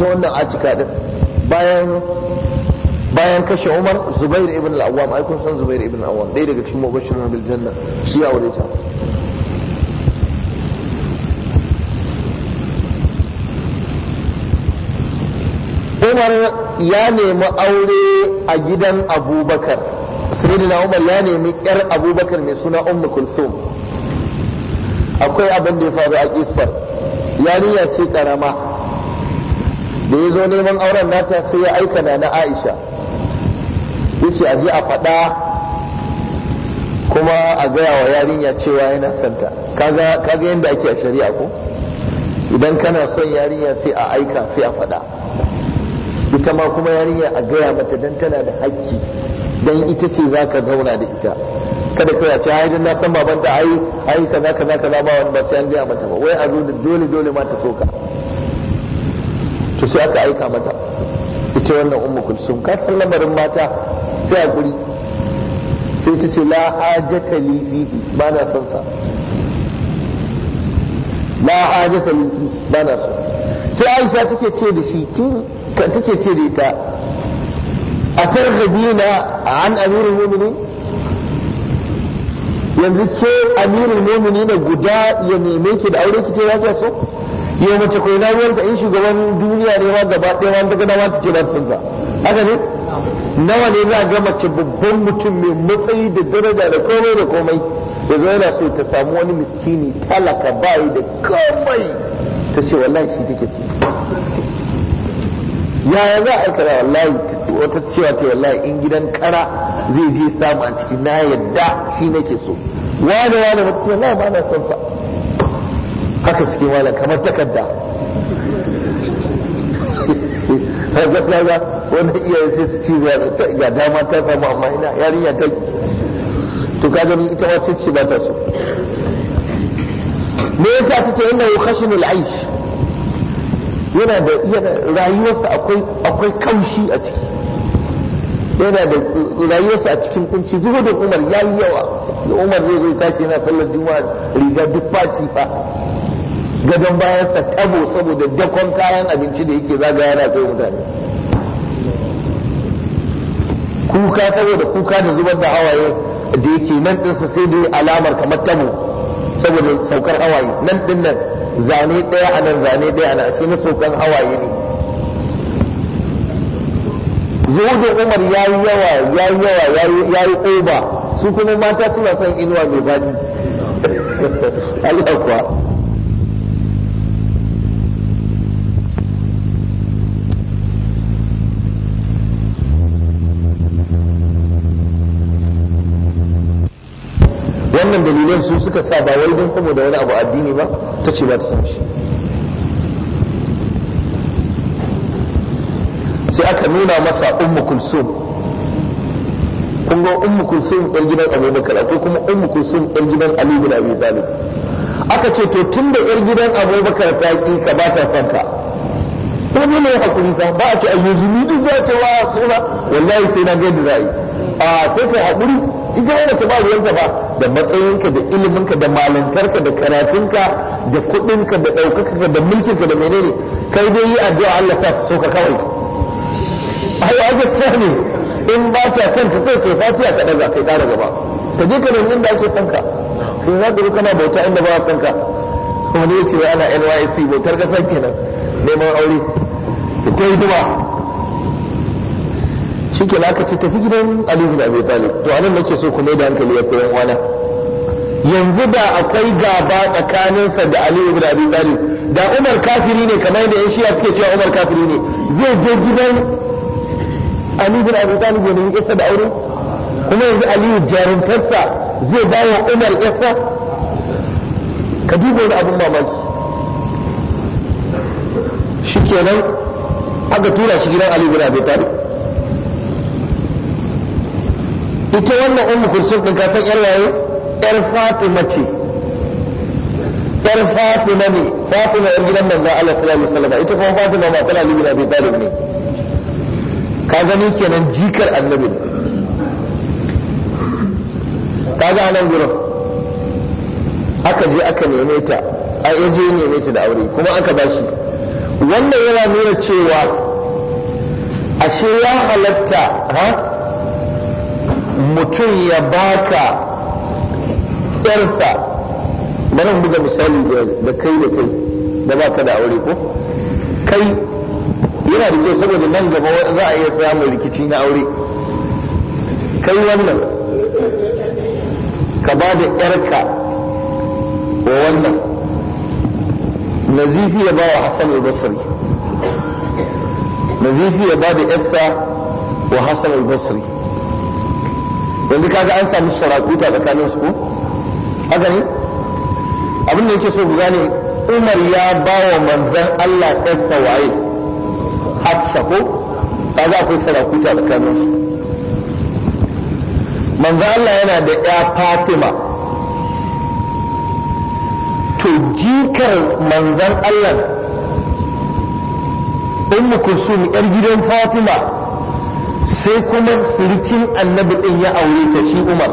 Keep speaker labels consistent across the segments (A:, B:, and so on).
A: ita wannan atika din bayan bayan kashe Umar Zubair ibn al-Awwam ai kun san Zubair ibn al-Awwam ɗaya daga cikin mubashirun bil janna shi ya aure ta Umar ya nemi aure a gidan Abubakar sayyidina Umar ya nemi yar Abubakar mai suna Ummu Kulsum akwai abin da ya faru a kissar yarinya ce karama da ya zo neman auren nata sai ya aika na aisha yace a je a faɗa kuma a gaya wa yarinya cewa yana santa kaga yadda ake a shari'a ko idan kana son yarinya sai a aika sai a faɗa ita ma kuma yarinya a gaya mata dan tana da haƙƙi dan ita ce za ka zauna da ita kada kai ce ai na san babanta ai ai kaza kaza kaza ba wani ba sai an gaya mata ba wai a zo da dole dole ma ta toka to sai aka aika mata ita wannan umma kulsum ka san lamarin mata sai a guri sai ta ce la hajata li fihi ba na son sa la hajata li fihi ba na so sai Aisha take ce da shi kin take ce da ita a atarghabina an amirul mu'minin yanzu ke amirul mu'minin guda ya neme ki da aure ki ce ya so yau mace ko ina ruwanta in shugaban duniya ne ma gaba ɗaya wanda ga dama ta ce ba ta san sa haka ne nawa ne za a ga mace babban mutum mai matsayi da daraja da komai da komai da zo yana so ta samu wani miskini talaka bayi da komai ta ce wallahi shi take so yaya za a aikata wallahi wata cewa ta wallahi in gidan kara zai je samu a cikin na yadda shi nake so wane wane wata ce wallahi ba na sansa. sa haka suke wala kamar takarda ga kaga wani iyaye sai su ci ga dama ta samu amma ina yarinya ta to ka kaga ita wace ce ba ta so me yasa ta ce innahu khashinul aish yana da rayuwarsa akwai akwai kaushi a ciki yana da rayuwarsa a cikin kunci zuwa da umar yayi yawa da umar zai zo tashi yana sallar juma'a riga duk faci fa gadon sa tabo saboda dakon kayan abinci da yake zaga yana kai mutane kuka saboda kuka da zubar da hawaye da yake nan din sa sai dai alamar kamar tabo saboda saukar hawaye nan din nan zane ɗaya a nan zane ɗaya a nan sai na saukan hawaye ne Zuhudu umar ya yi yawa ya yi yawa ya yi su kuma mata suna son inuwa mai bani Allah kuwa wannan dalilan su suka sa ba wai don saboda wani abu addini ba ta ce ba ta san shi sai aka nuna masa ummu kulsum kun ga ummu kulsum ɗan gidan abubakar ko kuma ummu kulsum ɗan gidan ali bin abi talib aka ce to tun da yar gidan abubakar ta yi ka ba ta san ka ko ne ne hakuri fa ba a ce ayyuji ni duk za ta wa suna wallahi sai na ga yadda za a yi a sai ka hakuri ita wanda ta ba ruwanta ba da matsayinka da iliminka da malantarka da karatunka da kuɗinka da ɗaukakarka da mulkinka da menene kai dai yi addu'a Allah sa ta soka kawai ai a gaskiya ne in ba ta son ka kai kai fatiya ka daga kai gaba ka je ka nemi inda ake son ka sai za ka kana bauta inda ba son ka wani ya ce ana NYSC bautar ƙasa kenan neman aure ta yi duba shi ke laka ce tafi gidan aliyu da abu talib to anan nake so kuma da hankali ya koyan wani yanzu da akwai gaba tsakaninsa da aliyu da abu talib da umar kafiri ne kamar yadda yan shiya suke cewa umar kafiri ne zai je gidan aliyu da abu talib ya nemi isa da aure kuma yanzu aliyu jarumtarsa zai bawa umar isa ka duba wani abin mamaki shikenan aka tura shi gidan aliyu da abu talib ita wannan ummu kulsum din kasan yar yayo yar fatima ce yar fatima ne fatima yar gidan manzon Allah sallallahu alaihi wasallam ita kuma fatima ma tana limin abi talib ne ka gani kenan jikar annabi ne ka ga nan gurin aka je aka neme ta a yaje neme ta da aure kuma aka bashi wannan yana nuna cewa ashe ya halatta ha mutum ya baka yarsa bari buga misali da kai da kai da ba ka da aure ko kai yana da kyau saboda nan gaba za a iya samun rikici na aure kai wannan ka ba da yarka wa wannan nazifi ya ba wa hassan al-basri nazifi ya ba da yarsa wa hassan al-basri yanzu kaga an samu sarakuta tsakanin su ko haka ne abin da yake so ku gane umar ya ba wa manzan allah ɗansa waye hafsa ko kaga akwai sarakuta tsakanin su manzan allah yana da ya fatima to jikar manzan allah ummu kulsum yar gidan fatima sai kuma sirikin annabi din ya aure ta shi umar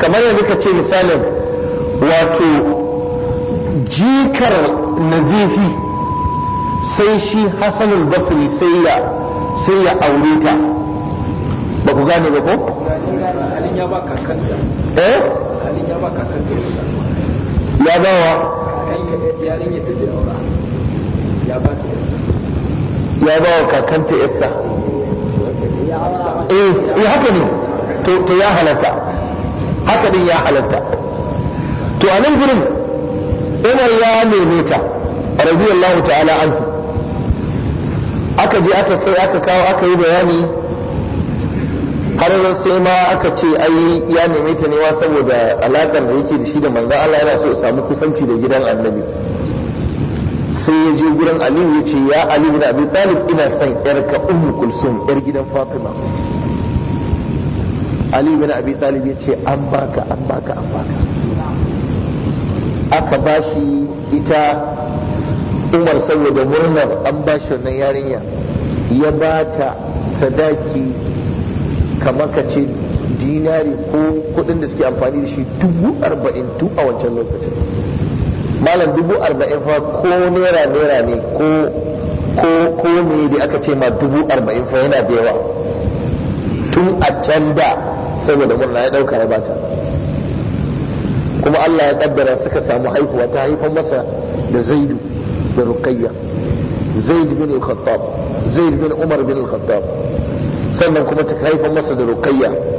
A: kamar yanzu ka ce misalin wato jikar nazifi sai shi hasanul basri sai ya sai ya aure ta ba ku gane ba ko ya ba kakanta eh ya ba kakanta ya bawa ya ba wa kakanta yasa Eh, eh haka ne to ya halatta haka din ya halatta to a nan gurin umar ya neme ta radiyallahu ta'ala anhu aka je aka kai aka kawo aka yi bayani har sai ma aka ce ai ya neme ta ne saboda alaƙar da yake da shi da manzon Allah yana so ya samu kusanci da gidan annabi sai ya je gurin aliyu ya ce ya aliyu da abin talib ina son yarka umu kulsum yar gidan fatima aliyu bin abi talib ya ce an baka an baka an baka aka bashi ita umar saboda murnar an ba shi wannan yarinya ya ba ta sadaki kamar ka ce dinari ko kudin da suke amfani da shi dubu arba'in tu a wancan lokacin malam dubu arba'in fa ko naira naira ne ko ko ko ne da aka ce ma dubu arba'in fa yana da yawa tun a can da saboda murna ya dauka ya bata kuma Allah ya kaddara suka samu haihuwa ta haifan masa da zaidu da rukayya zaid bin al-khattab zaid bin umar bin al-khattab sannan kuma ta haifan masa da rukayya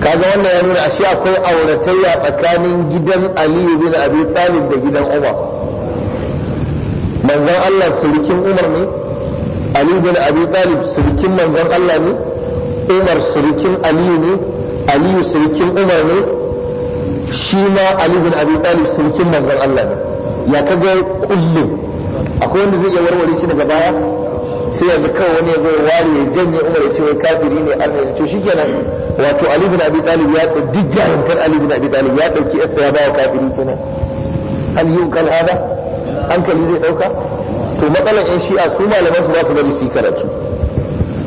A: kaga wannan ya nuna ashe akwai auratayya tsakanin gidan aliyu bin abi talib da gidan umar manzon allah surikin umar ne Aliyu bin abi talib surukin manzon allah ne umar surikin aliyu ne aliyu surikin umar ne shi ma Aliyu bin abi talib surukin manzon allah ne ya kaga kullum akwai wanda zai iya warware shi daga baya sai yanzu kawai wani ya zo ya ware ya janye umar ya ce wai kafiri ne Allah ya ce shikenan wato Ali bin Abi Talib ya ɗauki duk jahantar Ali bin Abi Talib ya ɗauki yarsa ya bawa kafiri kenan hal yuqal hada hankali zai ɗauka. to matsalar yan shi'a su malaman su ba su bari su yi karatu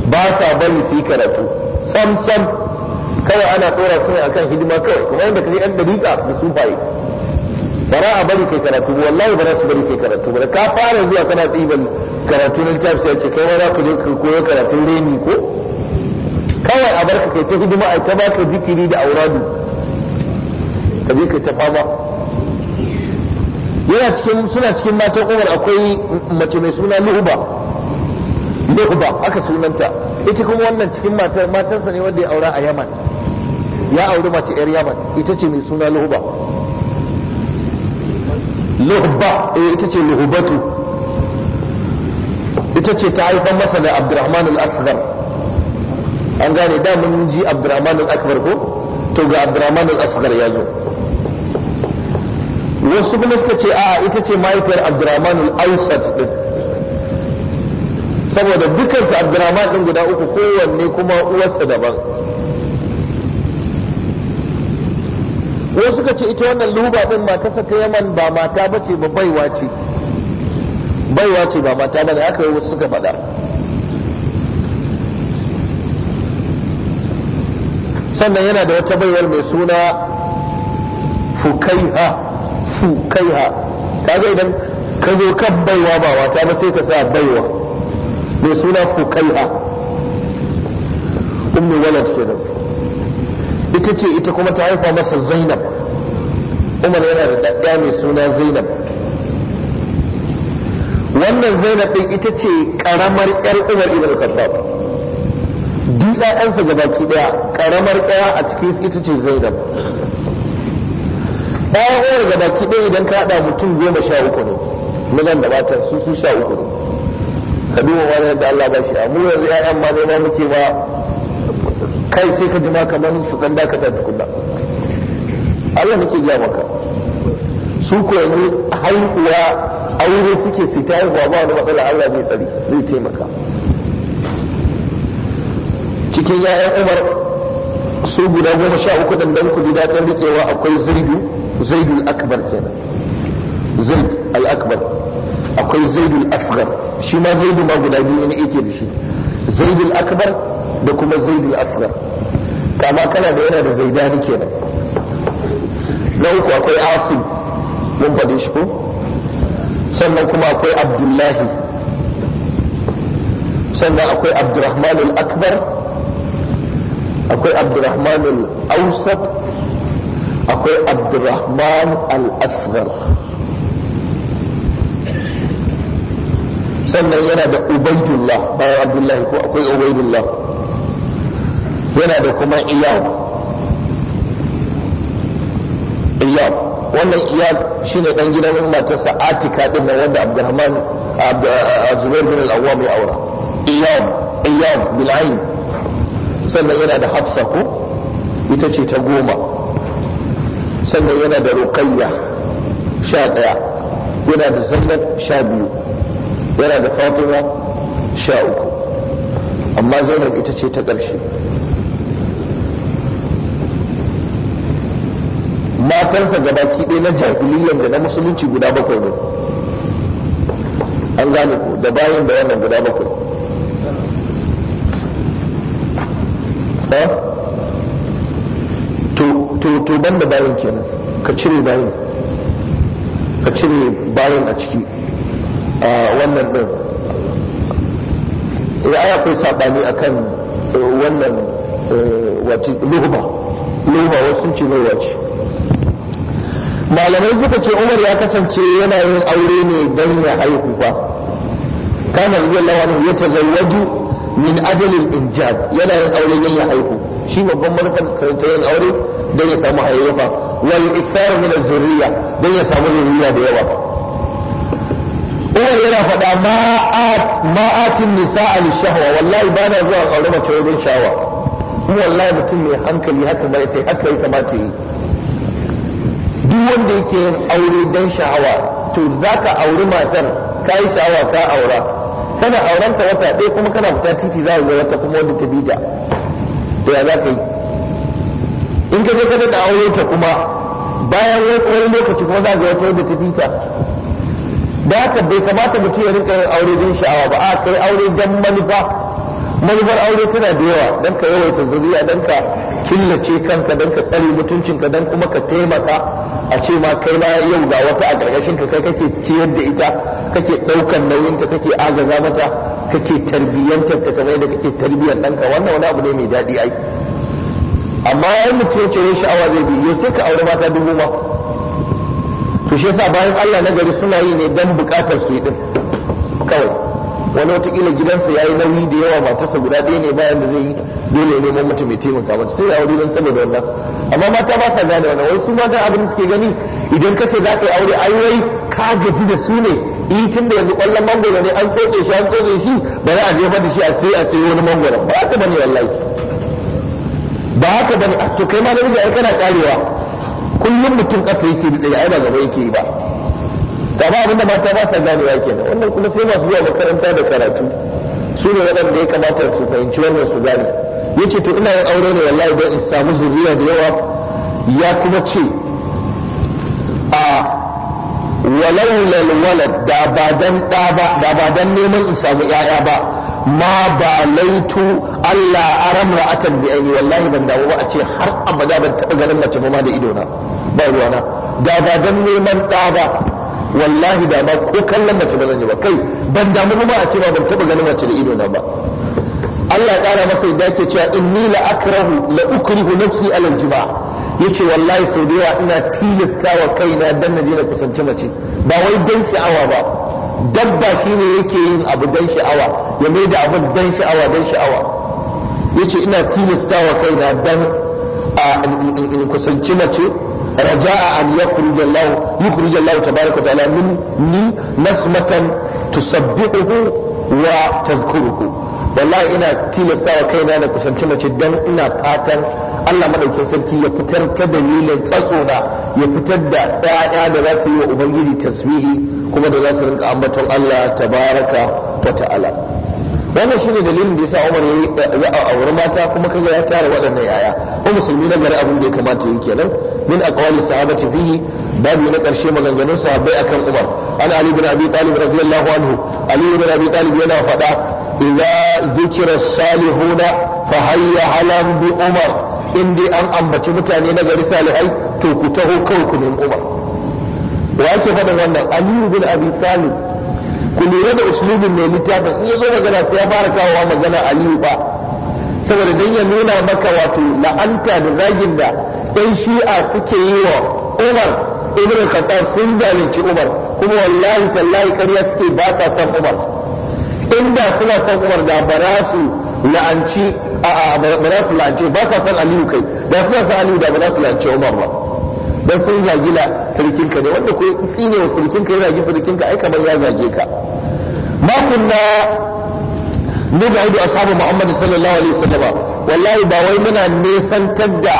A: ba sa bari su yi karatu sam sam kawai ana ɗora su ne akan hidima kawai kuma yadda kaje yan dariƙa da sufaye bara a bari kai karatu wallahi ba za su bari kai karatu ba ka fara zuwa kana tsiban karatu na littafi ya ce kai ma za ku je ka koyo karatun reni ko kawai a barka kai ta hidima a ta baka zikiri da auradu ka je kai ta fama yana cikin suna cikin matan umar akwai mace mai suna lu'uba lu'uba aka sunanta ita kuma wannan cikin matar matarsa ne wanda ya aura a yaman ya auri mace yar yaman ita ce mai suna lu'uba luhba eh ita ce luhubatu ita ce ta haifar masa da abdurrahman al-asghar an gane da mun ji abdurrahman al-akbar ko to ga abdurrahman al-asghar ya zo wasu kuma suka ce a ita ce mahaifiyar abdurrahman al-awsat din saboda dukansu abdurrahman din guda uku kowanne kuma uwarsa daban wasu suka ce ita wannan luba din matarsa ta yaman ba mata ba ce ba baiwa ce baiwa ce ba mata ba da aka yi wasu suka faɗa sannan yana da wata baiwar mai suna fukaiha fukaiha kaga idan ka zo kan baiwa ba wata ba sai ka sa baiwa mai suna fukaiha ummu walad kenan ita ce ita kuma ta haifa masa zainab umar yana da daɗa mai suna zainab wannan zainab ɗin ita ce ƙaramar ƴar umar ibn khattab duk ɗayansa ga baki ɗaya ƙaramar ɗaya a cikin ita ce zainab bayan umar ga baki ɗaya idan ka haɗa mutum goma sha uku ne mazan da matan su su sha uku ne ka duba wani yadda Allah ba shi a mu yanzu 'ya'yan ma ne ma muke ba kai sai ka jima kamar su dan dakata tukunna Allah nake gaya maka su ko yanzu haihuwa aure suke su ta haihuwa ba wani matsala Allah zai tsari zai taimaka cikin ya'yan Umar su guda goma sha uku dan dan kudi kan rikewa akwai zaidu zaidul akbar kenan zaid al akbar akwai zaidul asghar shi ma zaidu ma guda biyu ne yake da shi zaidul akbar da kuma zaidul asra kama kana da yana da zaidani kenan na uku akwai asim mun faɗi shi ko sannan kuma akwai abdullahi sannan akwai abdurrahman al-akbar akwai abdurrahman al-awsat akwai abdurrahman al-asghar sannan yana da ubaidullah bayan abdullahi ko akwai ubaidullah yana da kuma iyab iyab wannan iyab shine ɗan gidan matarsa atika din nan wanda abdurrahman eh, zubair bin al-awwam ya aura iyab iyab bil sannan yana da hafsa ko ita ce ta goma sannan yana da Rukayya sha ɗaya, yana da zainab sha biyu yana da fatima sha uku amma zainab ita ce ta ƙarshe matansa gabaki ɗaya na jahiliyyar da na musulunci guda bakwai ne an gane ku da bayan da wannan guda bakwai to to ban da bayan kenan ka cire bayan ka cire bayan a ciki a wannan din kai eh, saɓani a kan eh, wannan eh, wati luhuba luhuba wasu sun ce mai wace malamai suka ce umar ya kasance yana yin aure ne don ya haihu fa kana radiyallahu anhu ya tazawwaju min ajalin injab yana yin aure don ya haihu shi babban manufar ta yin aure don ya samu hayayyafa wa yuktharu min az-zurriya don ya samu zuriya da yawa umar yana faɗa ma'atin nisa'a lishahwa wallahi ba na zuwa aure mace wajen shawa wallahi mutum mai hankali haka ba ya haka ya kamata yi duk wanda yake yin aure don sha'awa to za ka auri matar ka yi sha'awa ka aura kana auranta wata ɗaya kuma kana fita titi za ka wata kuma wanda ta bida ya za ka yi in ka je ka da aure ta kuma bayan wani lokaci kuma za ka wata wanda ta bita da haka bai kamata mutum ya rinka yin aure don sha'awa ba a kai aure don manufa manufar aure tana da yawa don ka yawaita zuriya don ka killace kanka don ka tsare mutuncinka don kuma ka taimaka a ce ma kai ma yau ga wata a ƙarƙashin ka kai kake ciyar da ita kake ɗaukan nauyinta kake agaza mata kake tarbiyyantar ta kamar da kake tarbiyyar ɗanka wannan wani abu ne mai daɗi ai amma yayin mutum ya ce sha'awa zai biyu sai ka aure mata dubu ma to shi yasa bayan Allah na gari suna yi ne don buƙatar su yi din kawai wani watakila gidansa ya yi nauyi da yawa matarsa guda ɗaya ne bayan da zai yi dole ne mun mutum mai taimaka mata sai ya wuri don saboda wannan amma mata ba sa gane wannan wai mata abin da suke gani idan ka ce za ka yi aure ai wai ka gaji da su ne in e, tun da yanzu kwallon mangoro ne an tsotse shi an tsotse shi za a ba da shi a sai a ce wani mangoro ba haka bane wallahi ba haka bane to kai ma da ai kana karewa kullum mutum kasa yake da tsaye ai ba gaba yake yi ba da ba abinda mata ba sa ya kenan wannan kuma sai masu zuwa makaranta da karatu su ne waɗanda ya kamata su fahimci wannan su gane ya ce to ina yin aure ne wallahi don in samu zuriya da yawa ya kuma ce a walau walad da ba dan neman in samu yaya ba ma ba laitu Allah aram ra'atan bi aini wallahi ban dawo ba a ce har abada ban taɓa ganin mace ba ma da ido na ba ruwana da ba dan neman ɗa wallahi da ba ko kallon mace ba zan yi ba kai ban damu ba a cewa ban taba ganin mace da ido na ba Allah ya kara masa yadda yake cewa inni la akrahu la ukrihu nafsi ala al yace wallahi sau da yawa ina wa kaina dan naje na kusanci mace ba wai dan sha'awa ba dabba shine yake yin abu dan sha'awa ya mai da abu dan sha'awa dan sha'awa yace ina tilastawa kaina dan a kusanci mace رجاء أن يخرج الله يخرج الله تبارك وتعالى مني نسمة تسبحه وتذكره wallahi ina tilastawa kaina na kusanci mace dan ina fatan Allah madaukin sarki ya fitar ta dalilin tsatsona ya fitar da ɗaya da za su yi wa ubangiji tasbihi kuma da za su rinka ambaton Allah tabaraka wa ta'ala wannan shine dalilin da yasa Umar ya aure mata kuma kaga ya tara waɗannan yaya ko musulmi na gari abin da ya kamata yi kenan min aqwali sahabati fihi babu na karshe maganganun sahabbai akan Umar an Ali bin Abi Talib radiyallahu anhu Ali bin Abi Talib yana faɗa idza Salihu salihuna fa hayya halam bi Umar in dai an ambaci mutane na gari salihai to ku taho kawai ku Umar wa yake faɗin wannan Ali bin Abi Talib ku lura da uslubin mai littafin in ya zo magana sai ya fara kawowa magana aliyu ba saboda dan ya nuna maka wato la'anta da zagin da ɗan shi'a suke yi wa umar ibn khattab sun zalunci umar kuma wallahi tallahi ƙarya suke ba sa san umar inda suna san umar da ba su la'anci a ba su la'anci ba sa san aliyu kai da suna san aliyu da ba la'anci umar ba dan sun zagi la sarkin ka ne wanda ko tsine wa sarkin ka ya sarkin ka ai kamar ya zage ka ma kunna nubaidu ashabu muhammad sallallahu alaihi wasallam wallahi ba wai muna nesantar da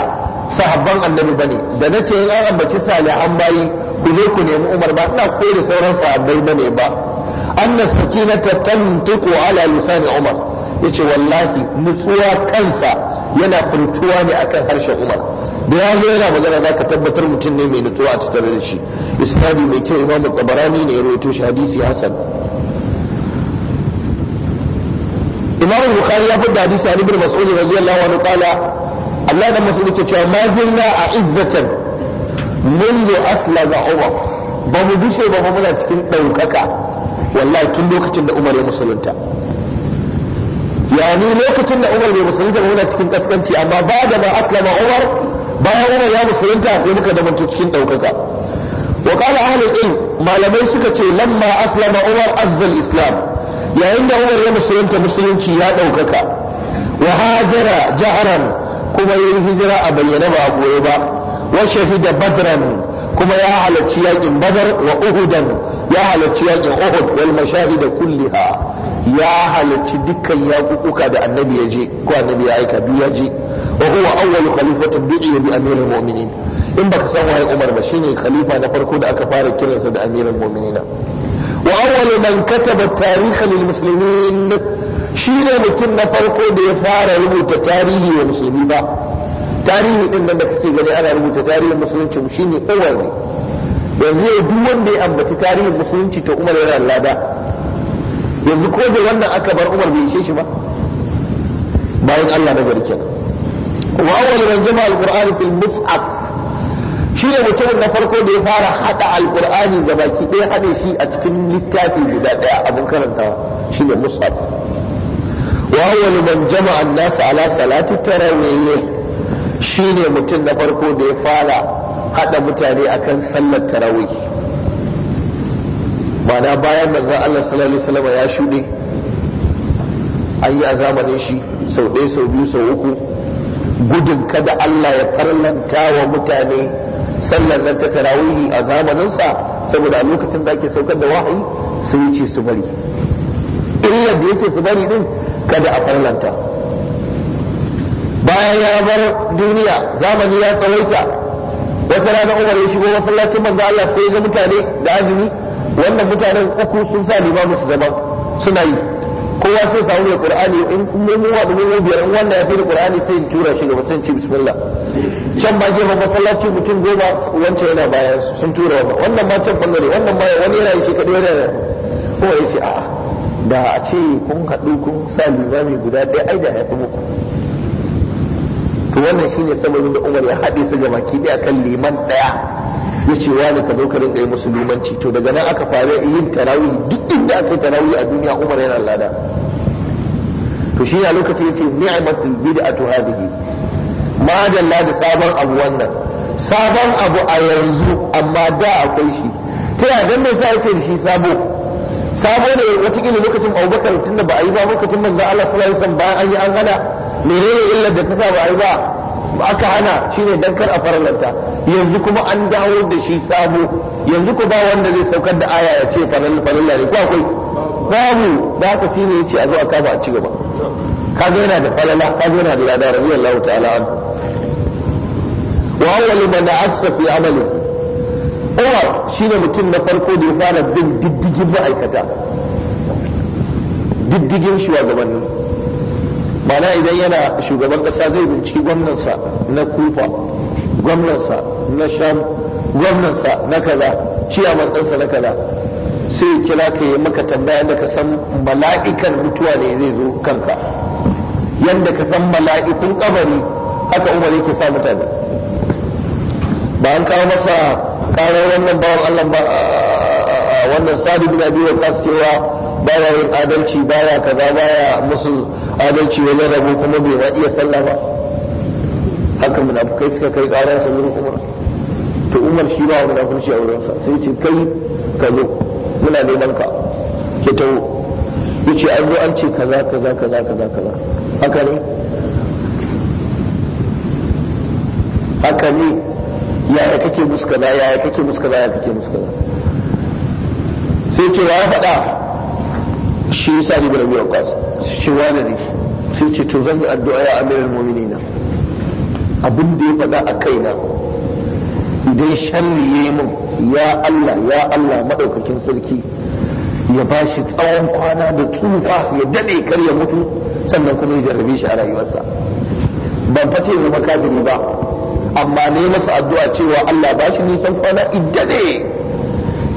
A: sahabban annabi bane da nace in an ambaci salihan bayi ku zo ku nemi umar ba ina kore sauran sahabbai bane ba annas sakinata tantuku ala lisani umar yace wallahi nutsuwa kansa yana furtuwa ne akan harshen Umar da ya zo yana magana za ka tabbatar mutum ne mai nutsuwa a tattare da shi isnadi mai kyau imamu tabarani ne ya rawaito shi hadisi hasan imamu bukhari ya fada hadisi an ibn mas'ud radiyallahu anhu qala Allah da mas'ud yake cewa ma zilla a izzatan منذ أسلم عمر ba bamu bushe ba muna cikin ɗaukaka wallahi tun lokacin da umar ya musulunta yani lokacin da Umar bai musulunta ba muna cikin kaskanci amma ba da ma aslama Umar bayan Umar ya musulunta sai muka damanto cikin daukaka wa qala ahlul ilm malamai suka ce lamma aslama Umar azzal islam yayin da Umar ya musulunta musulunci ya daukaka wa hajara jahran kuma yayi hijira a bayyana ba a goye ba wa shahida badran kuma ya halarci yakin badar wa uhudan ya halarci yakin uhud wal mashahida kulliha ya halarci dukkan yaƙuƙuka da annabi ya je ko annabi ya aika duk ya je wa huwa awwalu khalifatin du'i bi amirul mu'minin in baka san waye Umar ba shine khalifa na farko da aka fara kiransa da amirul mu'minin wa awwalu man kataba tarikh lil muslimin shine mutum na farko da ya fara rubuta tarihi wa musulmi ba tarihi din da kake gani ana rubuta tarihin musulunci shine Umar ne yanzu duk wanda ya ambaci tarihin musulunci ta Umar yana lada yanzu ko da wannan aka bar umar bai ishe shi ba bayan Allah na garken wa awwal man jama'a al-qur'an fil mus'af shine mutumin na farko da ya fara hada al-qur'ani ga ɗaya hade shi a cikin littafi guda ɗaya abun karantawa shine mus'af wa awwal man jama'a an-nas ala salati tarawih shine mutum na farko da ya fara hada mutane akan sallar tarawih ma'ana bayan za Allah sallallahu alaihi wasallam ya shuɗe an yi a zamanin shi sau ɗaya sau biyu sau uku gudun kada Allah ya farlanta wa mutane sallar nan ta tarawihi a zamaninsa saboda a lokacin da ake saukar da wahayi su ce su bari illar da ya ce su bari din kada a farlanta bayan ya bar duniya zamani ya tsawaita wata rana umar ya shigo masallacin manzo Allah sai ga mutane da azumi wannan mutanen uku sun sa limamu su daban suna yi kowa sai samu da qur'ani in mun wa da mun biyar in wannan ya fi qur'ani sai in tura shi gaba sai ci bismillah can ba gefen masallaci mutum goma wancan yana bayan sun tura wannan wannan ma can bangare wannan ma wani yana yi shi kadai yana ko ya ce a'a da a ce kun haɗu kun sa limami guda ɗaya ai da ya fi muku to wannan shine sababin da Umar ya haɗe su gaba ki da kan liman ɗaya ya ce wani ka zo ka yi musulmanci to daga nan aka fara yin tarawi duk inda aka yi tarawi a duniya umar yana lada to shi a lokacin yace ni'matul bid'atu hadhihi ma da da sabon abu wannan sabon abu a yanzu amma da akwai shi ta yaya dan bai sa yace da shi sabo sabo ne watakila lokacin Abubakar tunda ba a yi ba lokacin manzon Allah sallallahu alaihi wasallam bayan an yi an hana menene illar da ta sa ba a yi ba aka hana shine dan kar a faralanta yanzu kuma an dawo da shi sabo yanzu ko ba wanda zai saukar da aya ya ce faralla ne ko akwai babu da haka shine yace a zo a kafa a ci gaba kaga yana da falala kaga yana da lada radiyallahu ta'ala an wa awwal man assa fi amali Umar shine mutum na farko da ya fara bin diddigin ma'aikata diddigin shugabannin mana idan yana shugaban kasa zai binciki gwamnansa na kufa gwamnansa na sham gwamnansa na kaza ciyaman ɗansa na kaza sai kira ka yi maka tambaya yadda ka san mala'ikan mutuwa ne zai zo kanka yadda ka san mala'ikun kabari haka umar yake sa mutane ba an kawo masa karar wannan bawan allah ba wannan sadi bin abi wa cewa baya yin adalci baya kaza baya musu adalci wajen rabo kuma bai ma iya sallah ba haka munafukai suka kai ƙara sa wurin umar to umar shi ba munafurci a wurinsa sai ce kai ka zo muna neman ka ki taho yace an zo an ce kaza kaza kaza kaza kaza haka ne haka ne yaya kake musu kaza yaya kake musu kaza yaya kake musu sai ce wa ya faɗa shi sa ibn abi waqas su ce wane ne sai ce to zan yi addu'a ya amiral mu'minina abin da ya faɗa a kaina idan sharri ya mun min ya Allah ya Allah maɗaukakin sarki ya ba tsawon kwana da tsufa ya daɗe kar ya mutu sannan kuma ya jarrabe shi a rayuwarsa ban fate ya zama ba amma ne masa addu'a cewa Allah ba shi nisan kwana idade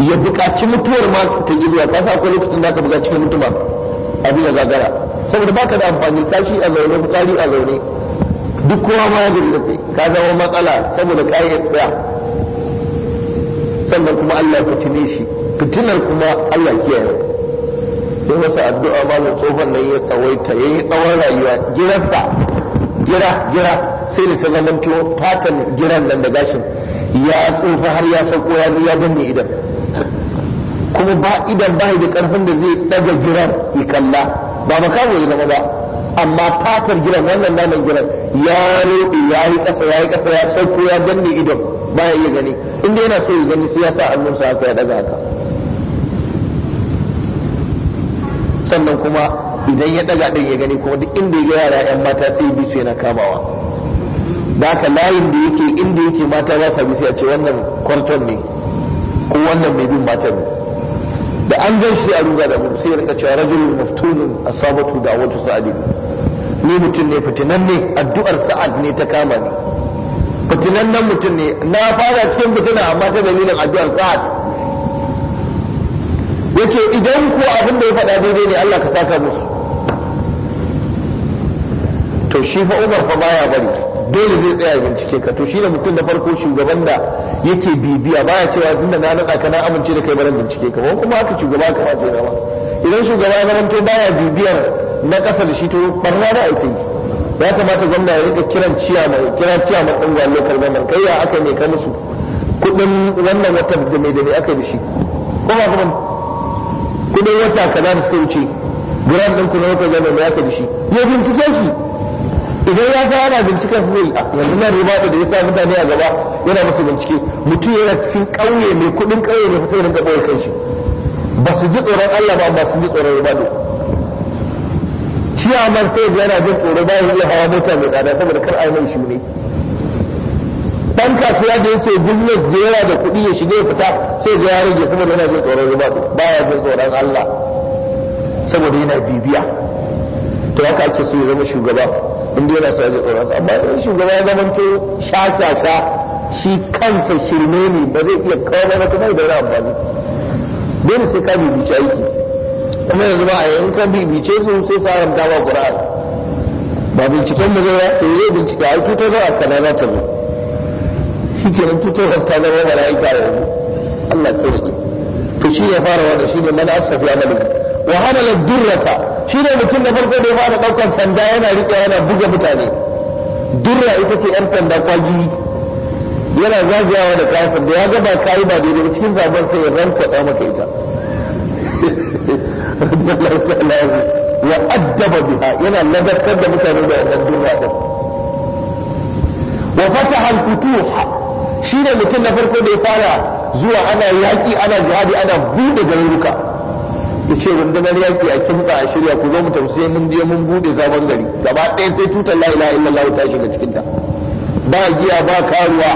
A: ya buƙaci mutuwar ma ta gizuwa ka sa akwai lokacin da aka buƙaci cikin abu ya gagara saboda ka da amfani kashi a zaune fitsari a zaune duk kowa ma ya gaggafe ka zama matsala saboda ka yi tsaya sannan kuma Allah fitine shi fitinar kuma Allah kiyaye don wasu addu'a ba da tsohon nan ya tsawaita ya yi tsawon rayuwa girarsa gira gira sai da ta zama fatan giran nan da gashin ya tsufa har ya sauko ya ya danne idan kuma ba idan ba da karfin da zai daga jiran ya kalla ba kawo ya zama ba amma fatar jiran wannan naman jiran ya roɗe ya yi ƙasa ya yi ƙasa ya sauko ya danne idon ba ya iya gani inda yana so ya gani sai ya sa hannunsa haka ya daga haka sannan kuma idan ya daga ɗin ya gani kuma duk inda ya yara yan mata sai bi su yana kamawa da haka layin da yake inda yake mata za su bi sai a ce wannan kwarton ne ko wannan mai bin mata ne da an gan shi a ruga da mu sai ya rika cewa rajul maftunun asabatu da wata sa'adi ni mutum ne fitinan ne addu'ar sa'ad ne ta kama ni fitinan nan mutum ne na fara cikin fitina amma ta dalilin addu'ar sa'ad yace idan ko abin da ya faɗa daidai ne Allah ka saka musu to shi fa Umar fa baya bari dole zai tsaya bincike ka to shi ne mutum na farko shugaban da yake bibiya ba ya cewa tunda na naɗa ka na amince da kai baran bincike ka ba kuma haka shugaba ka wace zama idan shugaba ya ba baya bibiyar na ƙasa da shi to barna da aiki ya kamata gwamna ya rika kiran ciya mai kira ciya mai ɗan karɓar gwamnan kai ya aka ne ka musu kuɗin wannan watan da mai da mai aka da shi kuma kuma kuɗin wata kaza da suka wuce guran ɗin wata gwamna mai aka da shi ya bincike shi idan ya sa yana binciken su zai yanzu nan riba da ya sa mutane a gaba yana musu bincike mutum yana cikin ƙauye mai kuɗin ƙauye mai fasirin rinka ɓoye kanshi ba su ji tsoron Allah ba ba su ji tsoron riba man sai da yana jin tsoro bayan iya hawa mota mai tsada saboda kar a mai shi ne dan kasuwa da ya ce business da yana da kuɗi ya shiga ya fita sai ga ya rage saboda yana jin tsoron riba baya jin tsoron Allah saboda yana bibiya to haka ake so ya zama shugaba inda yana so ya amma idan shugaba ya zama to shashasha shi kansa shirme ne ba zai iya kawo ba kuma da yana amfani dole sai ka bibice aiki kuma yanzu ba a yanzu bibice su sai sa haramta ba qur'an ba binciken da zai to zai bincika ai tutar da kanana ta zo shi kenan tutar ta zama mala'ika yanzu Allah sai to shi ya fara wanda shi ne mana asafi amalin wa hamala durrata shi ne mutum da farko da ya fara ɗaukar sanda yana riƙe yana buga mutane durra ita ce 'yan sanda kwagi yana zagayawa da kayan sanda ya gaba kayi ba daidai ba cikin sabon sai ya ta maka ita ya addaba biha yana ladabtar da mutane da wannan durra din wa fataha al shi shine mutum na farko da ya fara zuwa ana yaƙi ana jihadi ana buɗe garuruka ya ce rundunar yaƙi a kimka a shirya ku zo mu tafi mun je mun bude sabon gari gaba ɗaya sai tutar la ilaha illallah ta shiga cikin ta ba giya ba karuwa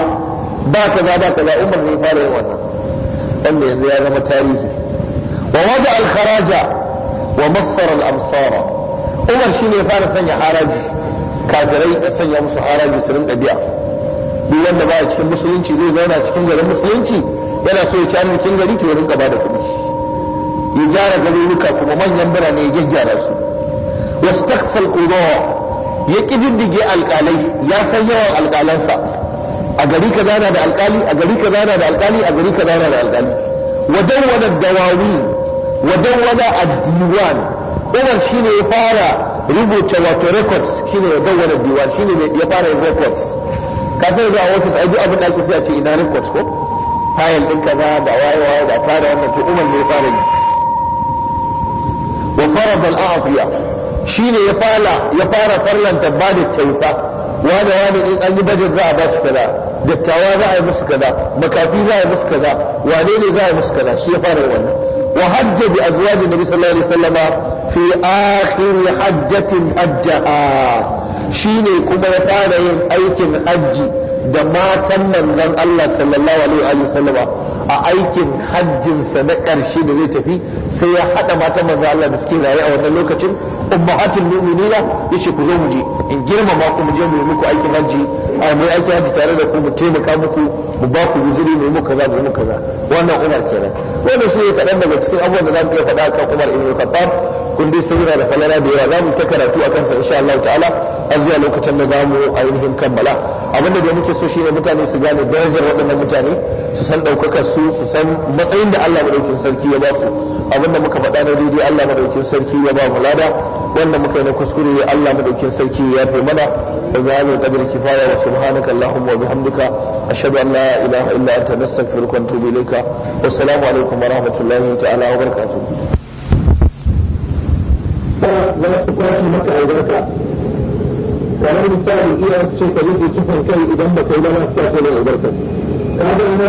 A: ba kaza ba kaza umar ne fara yin wannan wanda yanzu ya zama tarihi wa wada al kharaja wa masar al amsara umar shine ya fara sanya haraji kafirai ya sanya musu haraji su rinka biya duk wanda ba cikin musulunci zai zauna cikin garin musulunci yana so ya ci cikin gari to ya rinka ba da kuɗi ya gyara garuruka kuma manyan birane ya gyaggyara su wasu taksal kurowa ya ƙididdige alƙalai ya san yawan alƙalansa a gari ka zana da alƙali a gari ka zana da alƙali a gari ka zana da alƙali wadawwana dawawi wadawwana addiwan umar shine ya fara rubuta wato records shine ya dawwana diwan shine ya fara records ka san da office ai duk abin da ake sai a ce ina records ko file din kaza da wayewa da tare wannan to umar ne ya fara yi wa farada al'afiya shine ya fara ya fara farlanta ba da kyauta wani wani in an yi bajet za a ba su kaza dattawa za a yi musu kaza makafi za a yi musu kaza wane ne za a yi musu kaza shi ya fara wannan wa hajja bi azwajin nabi sallallahu alaihi wasallama fi akhir hajjatin hajjaha kuma ya fara yin aikin hajji da matan manzon Allah a aikin hajjinsa na ƙarshe da zai tafi sai ya haɗa matan manzo Allah da suke raye a wannan lokacin ummahatul mu'minina yace ku zo mu je in girmama ku mu je mu yi muku aikin hajji a mu aikin hajji tare da ku mu taimaka muku mu ba ku guzuri mu yi muku kaza mu yi kaza wannan Umar kenan wannan shi ne kaɗan daga cikin abubuwan da za mu iya faɗa kan Umar ibn Khattab kun dai sai yana da falala da yawa za mu ta karatu a kansa insha Allah ta'ala a zuwa lokacin da za mu ainihin kammala abinda da muke so shine mutane su gane darajar waɗannan mutane su san ɗaukakar su su san matsayin da Allah madaukin sarki ya ba su abinda muka faɗa na daidai Allah madaukin sarki ya ba mu lada wanda muka yi na kuskure Allah madaukin sarki ya fi mana da hannun qadar kifaya wa subhanaka allahumma wa bihamdika ashhadu an la ilaha illa anta nastaghfiruka wa atubu ilayka wassalamu alaikum wa rahmatullahi ta'ala wa barakatuh ولا تكون مكة عبرتها ولا نستعلم إيه أشياء تريد يشوفها كي إذا ما كي لا نستعلم عبرتها هذا